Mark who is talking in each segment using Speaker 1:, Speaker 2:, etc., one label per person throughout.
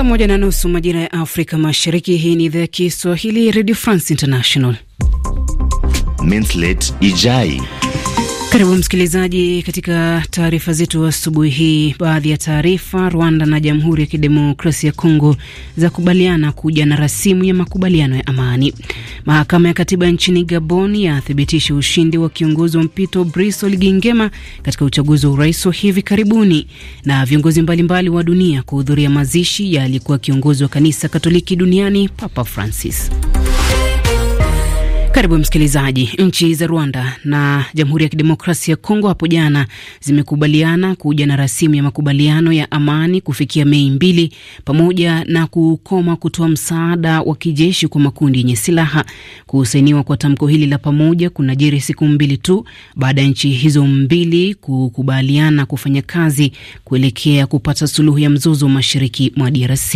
Speaker 1: Saa moja na nusu majira ya Afrika Mashariki. Hii ni idhaa ya Kiswahili Radio France International. Mintlet Ijai. Karibu msikilizaji, katika taarifa zetu asubuhi hii. Baadhi ya taarifa: Rwanda na Jamhuri ya Kidemokrasia ya Kongo zakubaliana kuja na rasimu ya makubaliano ya amani. Mahakama ya Katiba nchini Gabon yathibitisha ushindi wa kiongozi wa mpito Brice Oligui Nguema katika uchaguzi wa urais wa hivi karibuni, na viongozi mbalimbali wa dunia kuhudhuria mazishi ya aliyekuwa kiongozi wa kanisa Katoliki duniani Papa Francis. Karibu msikilizaji. Nchi za Rwanda na Jamhuri ya Kidemokrasia ya Kongo hapo jana zimekubaliana kuja na rasimu ya makubaliano ya amani kufikia Mei mbili, pamoja na kukoma kutoa msaada wa kijeshi kwa makundi yenye silaha. Kusainiwa kwa tamko hili la pamoja kuna jiri siku mbili tu baada ya nchi hizo mbili kukubaliana kufanya kazi kuelekea kupata suluhu ya mzozo wa mashariki mwa DRC.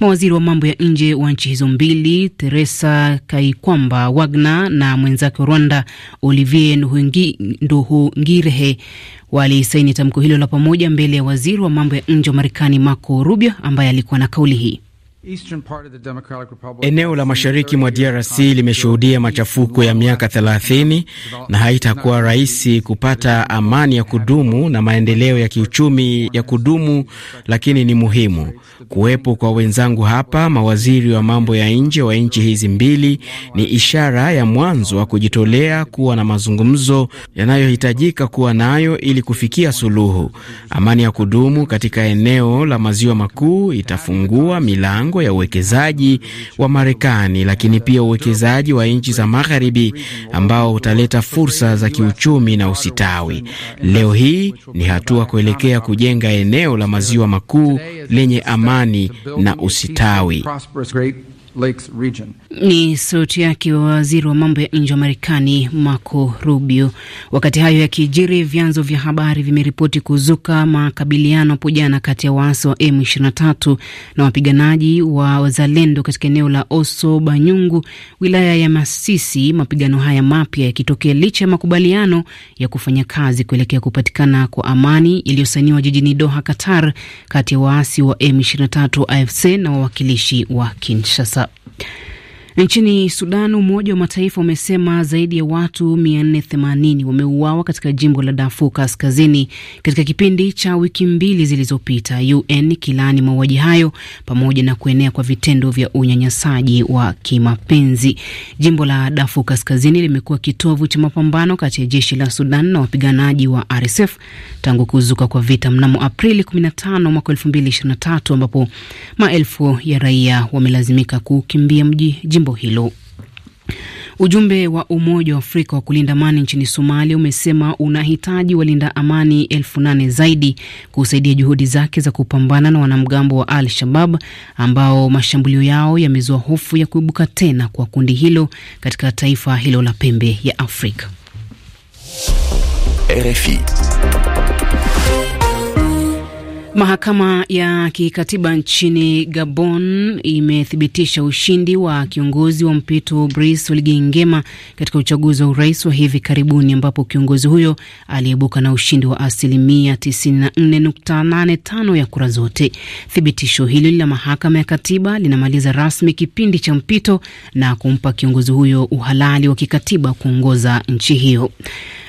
Speaker 1: Mawaziri wa mambo ya nje wa nchi hizo mbili Teresa Kaikwamba Wagner na mwenzake Rwanda Olivier Nduhungirehe walisaini tamko hilo la pamoja mbele ya waziri wa mambo ya nje wa Marekani Marco Rubio ambaye alikuwa na kauli hii.
Speaker 2: Eneo la mashariki mwa DRC limeshuhudia machafuko ya miaka 30 na haitakuwa rahisi kupata amani ya kudumu na maendeleo ya kiuchumi ya kudumu, lakini ni muhimu kuwepo kwa wenzangu hapa, mawaziri wa mambo ya nje wa nchi hizi mbili, ni ishara ya mwanzo wa kujitolea kuwa na mazungumzo yanayohitajika kuwa nayo ili kufikia suluhu. Amani ya kudumu katika eneo la maziwa makuu itafungua milango malengo ya uwekezaji wa Marekani, lakini pia uwekezaji wa nchi za magharibi ambao utaleta fursa za kiuchumi na usitawi. Leo hii ni hatua kuelekea kujenga eneo la maziwa makuu lenye amani na usitawi. Lakes Region.
Speaker 1: Ni sauti yake wa waziri wa mambo ya nje wa Marekani Marco Rubio. Wakati hayo yakijiri, vyanzo vya habari vimeripoti kuzuka makabiliano hapo jana kati ya waasi wa M23 na wapiganaji wa wazalendo katika eneo la Oso Banyungu, wilaya ya Masisi. Mapigano haya mapya yakitokea licha ya makubaliano ya kufanya kazi kuelekea kupatikana kwa amani iliyosainiwa jijini Doha, Qatar, kati ya waasi wa M23 AFC na wawakilishi wa Kinshasa. Nchini Sudan, Umoja wa Mataifa umesema zaidi ya watu 480 wameuawa katika jimbo la Darfur Kaskazini katika kipindi cha wiki mbili zilizopita, UN kilani mauaji hayo pamoja na kuenea kwa vitendo vya unyanyasaji wa kimapenzi. Jimbo la Darfur Kaskazini limekuwa kitovu cha mapambano kati ya jeshi la Sudan na wapiganaji wa RSF tangu kuzuka kwa vita mnamo Aprili 15 mwaka 2023 ambapo maelfu ya raia wamelazimika kukimbia mji jimbo hilo. Ujumbe wa Umoja wa Afrika wa kulinda amani nchini Somalia umesema unahitaji walinda amani elfu nane zaidi kusaidia juhudi zake za kupambana na wanamgambo wa Al Shabab ambao mashambulio yao yamezua hofu ya kuibuka tena kwa kundi hilo katika taifa hilo la pembe ya Afrika. RFI. Mahakama ya kikatiba nchini Gabon imethibitisha ushindi wa kiongozi wa mpito Brice Oligui Nguema katika uchaguzi wa urais wa hivi karibuni, ambapo kiongozi huyo aliibuka na ushindi wa asilimia 94.85 ya kura zote. Thibitisho hili la mahakama ya katiba linamaliza rasmi kipindi cha mpito na kumpa kiongozi huyo uhalali wa kikatiba kuongoza nchi hiyo.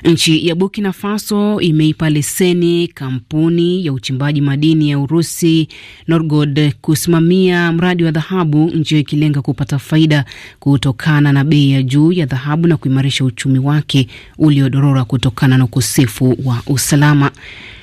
Speaker 1: Nchi ya Burkina Faso imeipa leseni kampuni ya uchimbaji madini ya Urusi Norgod kusimamia mradi wa dhahabu, nchi hiyo ikilenga kupata faida kutokana na bei ya juu ya dhahabu na kuimarisha uchumi wake uliodorora kutokana na ukosefu wa usalama.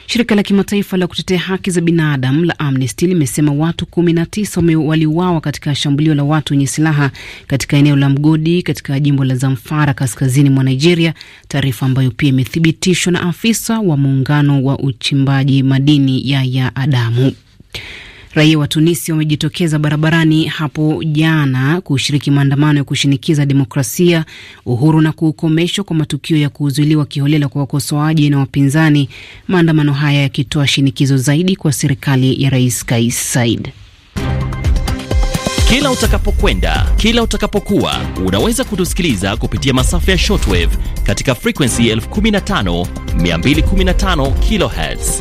Speaker 1: Shirika la kimataifa la kutetea haki za binadamu la Amnesty limesema watu 19 waliuawa katika shambulio la watu wenye silaha katika eneo la mgodi katika jimbo la Zamfara kaskazini mwa Nigeria, taarifa ambayo pia imethibitishwa na afisa wa muungano wa uchimbaji madini ya ya Adamu. Raia wa Tunisia wamejitokeza barabarani hapo jana kushiriki maandamano ya kushinikiza demokrasia, uhuru na kuukomeshwa kwa matukio ya kuzuiliwa kiholela kwa wakosoaji na wapinzani, maandamano haya yakitoa shinikizo zaidi kwa serikali ya Rais Kais Saied.
Speaker 2: Kila utakapokwenda, kila utakapokuwa, unaweza kutusikiliza kupitia masafa ya shortwave katika frekuensi 15215 kHz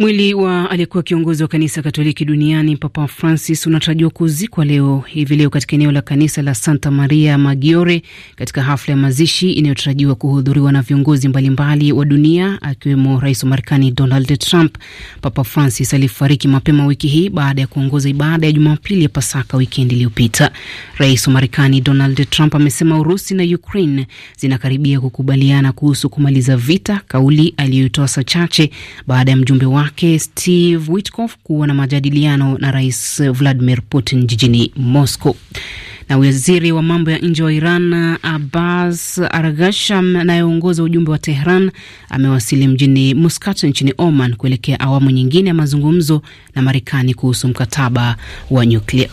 Speaker 1: Mwili wa aliyekuwa kiongozi wa kanisa Katoliki duniani Papa Francis unatarajiwa kuzikwa leo hivi leo katika eneo la kanisa la Santa Maria Maggiore katika hafla ya mazishi inayotarajiwa kuhudhuriwa na viongozi mbalimbali wa dunia akiwemo rais wa Marekani Donald Trump. Papa Francis alifariki mapema wiki hii baada ya kuongoza ibada ya Jumapili ya Pasaka wikendi iliyopita. Rais wa Marekani Donald Trump amesema Urusi na Ukraine zinakaribia kukubaliana kuhusu kumaliza vita, kauli aliyoitoa saa chache baada ya mjumbe wake wake Steve Witkoff kuwa na majadiliano na Rais Vladimir Putin jijini Moscow. Na waziri wa mambo ya nje wa Iran Abbas Araghacham anayeongoza ujumbe wa Tehran amewasili mjini Muscat nchini Oman kuelekea awamu nyingine ya mazungumzo na Marekani kuhusu mkataba wa nyuklia.